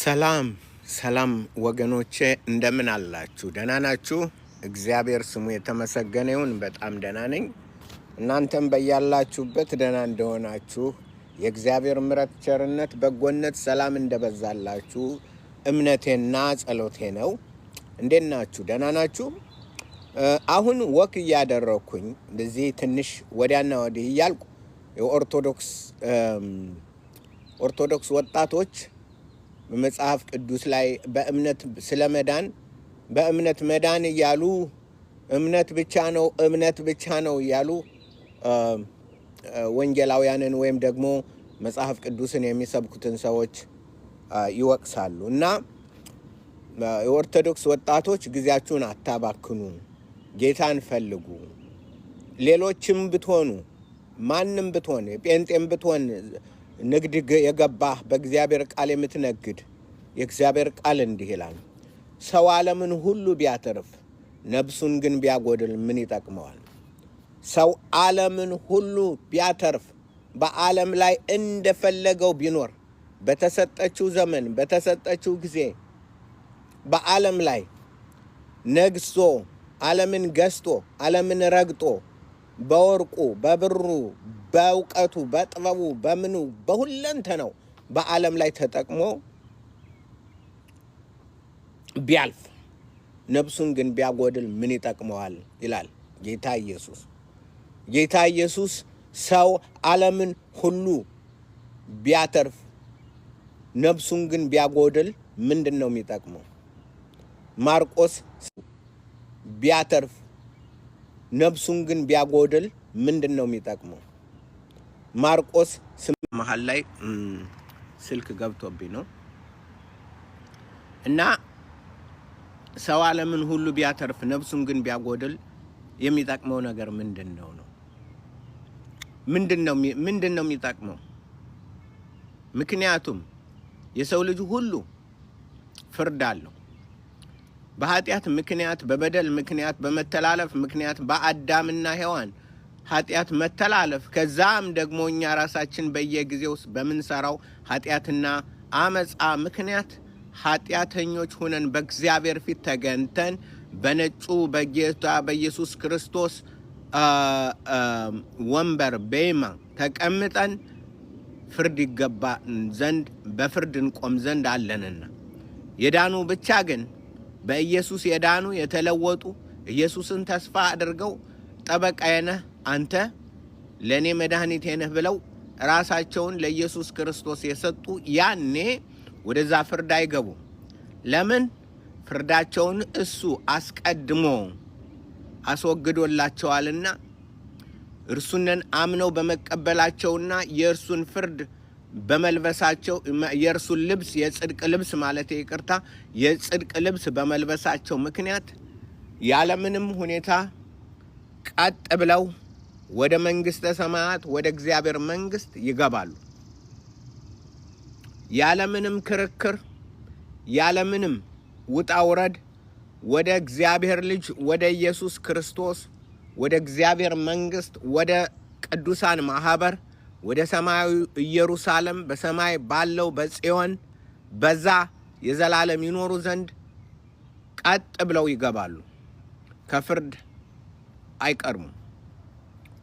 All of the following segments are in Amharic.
ሰላም ሰላም ወገኖቼ እንደምን አላችሁ? ደህና ናችሁ? እግዚአብሔር ስሙ የተመሰገነ ይሁን። በጣም ደህና ነኝ። እናንተም በያላችሁበት ደህና እንደሆናችሁ የእግዚአብሔር ምሕረት፣ ቸርነት፣ በጎነት፣ ሰላም እንደበዛላችሁ እምነቴና ጸሎቴ ነው። እንዴት ናችሁ? ደህና ናችሁ? አሁን ወክ እያደረግኩኝ እንደዚህ ትንሽ ወዲያና ወዲህ እያልኩ የኦርቶዶክስ ኦርቶዶክስ ወጣቶች በመጽሐፍ ቅዱስ ላይ በእምነት ስለ መዳን በእምነት መዳን እያሉ እምነት ብቻ ነው እምነት ብቻ ነው እያሉ ወንጌላውያንን ወይም ደግሞ መጽሐፍ ቅዱስን የሚሰብኩትን ሰዎች ይወቅሳሉ። እና የኦርቶዶክስ ወጣቶች ጊዜያችሁን አታባክኑ፣ ጌታን ፈልጉ። ሌሎችም ብትሆኑ ማንም ብትሆን ጴንጤም ብትሆን ንግድ የገባ በእግዚአብሔር ቃል የምትነግድ የእግዚአብሔር ቃል እንዲህ ይላል፣ ሰው ዓለምን ሁሉ ቢያተርፍ ነብሱን ግን ቢያጎድል ምን ይጠቅመዋል? ሰው ዓለምን ሁሉ ቢያተርፍ በዓለም ላይ እንደፈለገው ቢኖር በተሰጠችው ዘመን በተሰጠችው ጊዜ በዓለም ላይ ነግሶ ዓለምን ገዝቶ ዓለምን ረግጦ በወርቁ፣ በብሩ፣ በእውቀቱ፣ በጥበቡ፣ በምኑ በሁለንተ ነው በዓለም ላይ ተጠቅሞ ቢያልፍ ነፍሱን ግን ቢያጎድል ምን ይጠቅመዋል? ይላል ጌታ ኢየሱስ። ጌታ ኢየሱስ ሰው ዓለምን ሁሉ ቢያተርፍ ነፍሱን ግን ቢያጎድል ምንድን ነው የሚጠቅመው? ማርቆስ ቢያተርፍ ነፍሱን ግን ቢያጎድል ምንድን ነው የሚጠቅመው? ማርቆስ መሀል ላይ ስልክ ገብቶብኝ ነው እና ሰው ዓለምን ሁሉ ቢያተርፍ ነፍሱን ግን ቢያጎድል የሚጠቅመው ነገር ምንድን ነው ነው ምንድን ነው ምንድን ነው የሚጠቅመው? ምክንያቱም የሰው ልጅ ሁሉ ፍርድ አለው። በኃጢአት ምክንያት፣ በበደል ምክንያት፣ በመተላለፍ ምክንያት በአዳምና ሔዋን ኃጢአት መተላለፍ ከዛም ደግሞ እኛ ራሳችን በየጊዜ ውስጥ በምንሰራው ኃጢአትና አመፃ ምክንያት ኃጢአተኞች ሁነን በእግዚአብሔር ፊት ተገንተን በነጩ በጌታ በኢየሱስ ክርስቶስ ወንበር ቤማ ተቀምጠን ፍርድ ይገባ ዘንድ በፍርድ እንቆም ዘንድ አለንና የዳኑ ብቻ ግን በኢየሱስ የዳኑ የተለወጡ ኢየሱስን ተስፋ አድርገው ጠበቃዬ ነህ አንተ ለእኔ መድኃኒቴ ነህ ብለው ራሳቸውን ለኢየሱስ ክርስቶስ የሰጡ ያኔ ወደዛ ፍርድ አይገቡ ለምን? ፍርዳቸውን እሱ አስቀድሞ አስወግዶላቸዋልና እርሱንን አምነው በመቀበላቸውና የእርሱን ፍርድ በመልበሳቸው የእርሱን ልብስ የጽድቅ ልብስ ማለት ይቅርታ፣ የጽድቅ ልብስ በመልበሳቸው ምክንያት ያለምንም ሁኔታ ቀጥ ብለው ወደ መንግስተ ሰማያት ወደ እግዚአብሔር መንግስት ይገባሉ። ያለምንም ክርክር፣ ያለምንም ውጣ ውረድ ወደ እግዚአብሔር ልጅ ወደ ኢየሱስ ክርስቶስ ወደ እግዚአብሔር መንግስት ወደ ቅዱሳን ማህበር ወደ ሰማያዊ ኢየሩሳሌም በሰማይ ባለው በጽዮን በዛ የዘላለም ይኖሩ ዘንድ ቀጥ ብለው ይገባሉ። ከፍርድ አይቀርሙም፣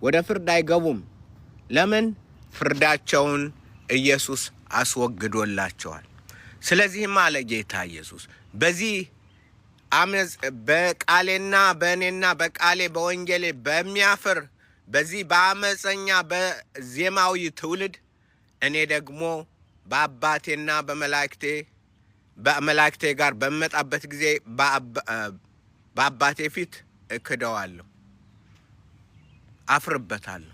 ወደ ፍርድ አይገቡም። ለምን? ፍርዳቸውን ኢየሱስ አስወግዶላቸዋል። ስለዚህም አለ ጌታ ኢየሱስ በዚህ አመፅ በቃሌና በእኔና በቃሌ በወንጌሌ በሚያፍር በዚህ በአመፀኛ በዜማዊ ትውልድ እኔ ደግሞ በአባቴና በመላእክቴ በመላእክቴ ጋር በመጣበት ጊዜ በአባቴ ፊት እክደዋለሁ፣ አፍርበታለሁ።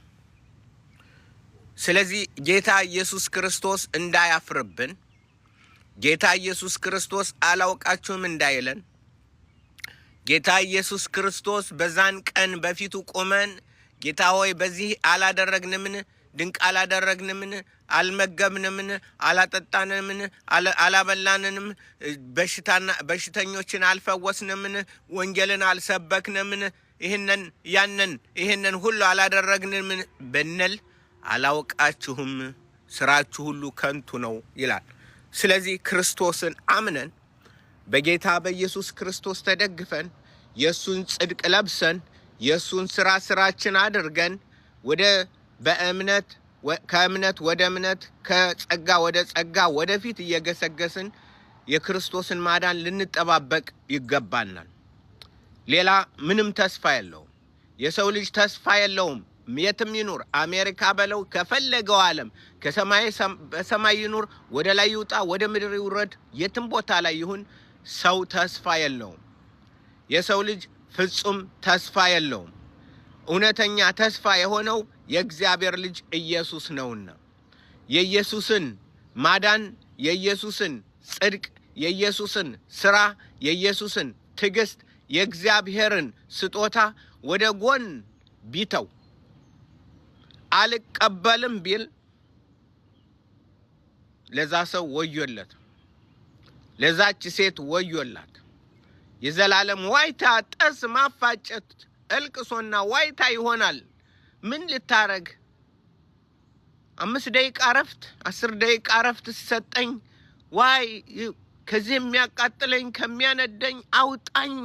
ስለዚህ ጌታ ኢየሱስ ክርስቶስ እንዳያፍርብን ጌታ ኢየሱስ ክርስቶስ አላውቃችሁም እንዳይለን ጌታ ኢየሱስ ክርስቶስ በዛን ቀን በፊቱ ቆመን ጌታ ሆይ በዚህ አላደረግንምን? ድንቅ አላደረግንምን? አልመገብንምን? አላጠጣንምን? አላበላንንም? በሽተኞችን አልፈወስንምን? ወንጌልን አልሰበክንምን? ይህንን ያንን ይህንን ሁሉ አላደረግንምን ብንል አላውቃችሁም፣ ስራችሁ ሁሉ ከንቱ ነው ይላል። ስለዚህ ክርስቶስን አምነን በጌታ በኢየሱስ ክርስቶስ ተደግፈን የእሱን ጽድቅ ለብሰን የእሱን ስራ ስራችን አድርገን ወደ በእምነት ከእምነት ወደ እምነት ከጸጋ ወደ ጸጋ ወደፊት እየገሰገስን የክርስቶስን ማዳን ልንጠባበቅ ይገባናል። ሌላ ምንም ተስፋ የለውም። የሰው ልጅ ተስፋ የለውም። የትም ይኑር፣ አሜሪካ በለው፣ ከፈለገው ዓለም በሰማይ ይኑር፣ ወደ ላይ ይውጣ፣ ወደ ምድር ይውረድ፣ የትም ቦታ ላይ ይሁን፣ ሰው ተስፋ የለውም። የሰው ልጅ ፍጹም ተስፋ የለውም። እውነተኛ ተስፋ የሆነው የእግዚአብሔር ልጅ ኢየሱስ ነውና የኢየሱስን ማዳን፣ የኢየሱስን ጽድቅ፣ የኢየሱስን ስራ፣ የኢየሱስን ትዕግስት፣ የእግዚአብሔርን ስጦታ ወደ ጎን ቢተው አልቀበልም ቢል ለዛ ሰው ወዮለት፣ ለዛች ሴት ወዮላት። የዘላለም ዋይታ፣ ጥርስ ማፋጨት፣ እልቅሶና ዋይታ ይሆናል። ምን ልታረግ አምስት ደቂቃ እረፍት፣ አስር ደቂቃ እረፍት ሲሰጠኝ ዋይ ከዚህ የሚያቃጥለኝ ከሚያነደኝ አውጣኝ።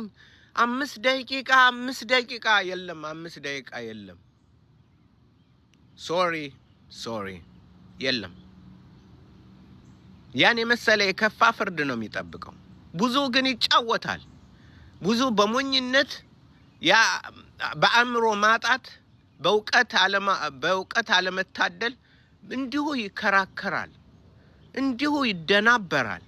አምስት ደቂቃ አምስት ደቂቃ የለም፣ አምስት ደቂቃ የለም። ሶሪ ሶሪ የለም። ያን የመሰለ የከፋ ፍርድ ነው የሚጠብቀው። ብዙ ግን ይጫወታል። ብዙ በሞኝነት በአእምሮ ማጣት በእውቀት አለመታደል እንዲሁ ይከራከራል፣ እንዲሁ ይደናበራል፣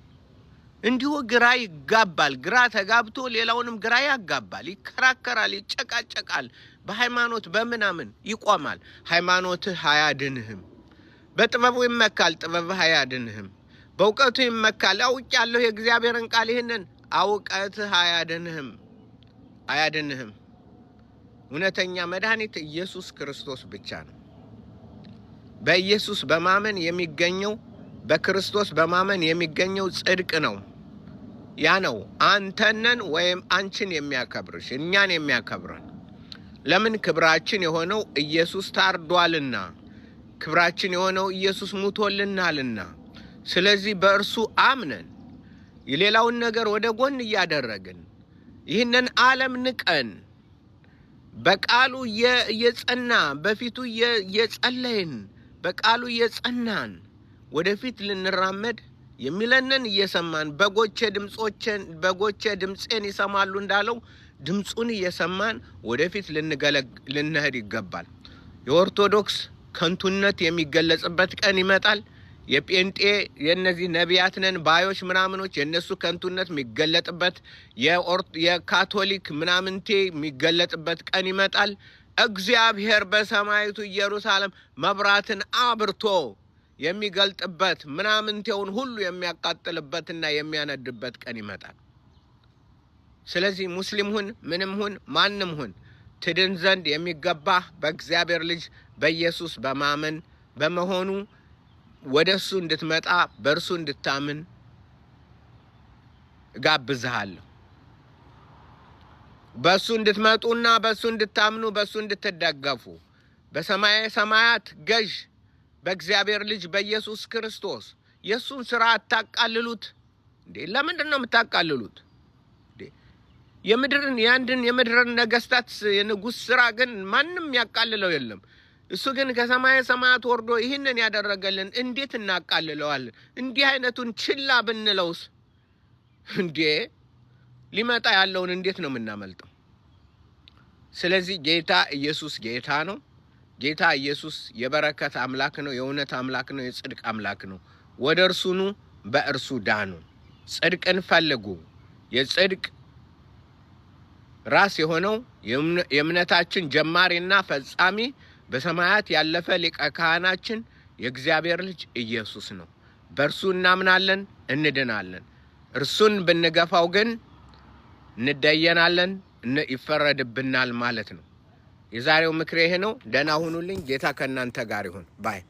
እንዲሁ ግራ ይጋባል። ግራ ተጋብቶ ሌላውንም ግራ ያጋባል፣ ይከራከራል፣ ይጨቃጨቃል። በሃይማኖት በምናምን ይቆማል። ሃይማኖትህ አያድንህም። በጥበቡ ይመካል፣ ጥበብህ አያድንህም። በእውቀቱ ይመካል። ያለሁ የእግዚአብሔርን ቃል ይህንን አውቀትህ አያድንህም አያድንህም። እውነተኛ መድኃኒት ኢየሱስ ክርስቶስ ብቻ ነው። በኢየሱስ በማመን የሚገኘው በክርስቶስ በማመን የሚገኘው ጽድቅ ነው። ያ ነው አንተነን ወይም አንቺን የሚያከብርሽ እኛን የሚያከብረን። ለምን ክብራችን የሆነው ኢየሱስ ታርዷልና፣ ክብራችን የሆነው ኢየሱስ ሙቶልናልና። ስለዚህ በእርሱ አምነን የሌላውን ነገር ወደ ጎን እያደረግን ይህንን ዓለም ንቀን በቃሉ እየጸና በፊቱ እየጸለይን በቃሉ እየጸናን ወደፊት ልንራመድ የሚለንን እየሰማን በጎቼ ድምፆቼን በጎቼ ድምፄን ይሰማሉ እንዳለው ድምፁን እየሰማን ወደፊት ልንሄድ ይገባል። የኦርቶዶክስ ከንቱነት የሚገለጽበት ቀን ይመጣል። የጴንጤ የነዚህ ነቢያት ነን ባዮች ምናምኖች የእነሱ ከንቱነት የሚገለጥበት የካቶሊክ ምናምንቴ የሚገለጥበት ቀን ይመጣል። እግዚአብሔር በሰማይቱ ኢየሩሳሌም መብራትን አብርቶ የሚገልጥበት ምናምንቴውን ሁሉ የሚያቃጥልበትና የሚያነድበት ቀን ይመጣል። ስለዚህ ሙስሊም ሁን ምንም ሁን ማንም ሁን ትድን ዘንድ የሚገባህ በእግዚአብሔር ልጅ በኢየሱስ በማመን በመሆኑ ወደ እሱ እንድትመጣ በእርሱ እንድታምን እጋብዝሃለሁ። በእሱ እንድትመጡና በእሱ እንድታምኑ በእሱ እንድትደገፉ በሰማያዊ ሰማያት ገዥ በእግዚአብሔር ልጅ በኢየሱስ ክርስቶስ የእሱን ስራ አታቃልሉት እንዴ! ለምንድን ነው የምታቃልሉት? የምድርን የአንድን የምድርን ነገስታት የንጉሥ ስራ ግን ማንም ያቃልለው የለም። እሱ ግን ከሰማየ ሰማያት ወርዶ ይህንን ያደረገልን እንዴት እናቃልለዋለን? እንዲህ አይነቱን ችላ ብንለውስ እንዴ ሊመጣ ያለውን እንዴት ነው የምናመልጠው? ስለዚህ ጌታ ኢየሱስ ጌታ ነው። ጌታ ኢየሱስ የበረከት አምላክ ነው፣ የእውነት አምላክ ነው፣ የጽድቅ አምላክ ነው። ወደ እርሱኑ በእርሱ ዳኑ፣ ጽድቅን ፈልጉ። የጽድቅ ራስ የሆነው የእምነታችን ጀማሪና ፈጻሚ በሰማያት ያለፈ ሊቀ ካህናችን የእግዚአብሔር ልጅ ኢየሱስ ነው። በእርሱ እናምናለን፣ እንድናለን። እርሱን ብንገፋው ግን እንደየናለን፣ ይፈረድብናል ማለት ነው። የዛሬው ምክር ይሄ ነው። ደህና ሁኑልኝ። ጌታ ከእናንተ ጋር ይሁን ባይ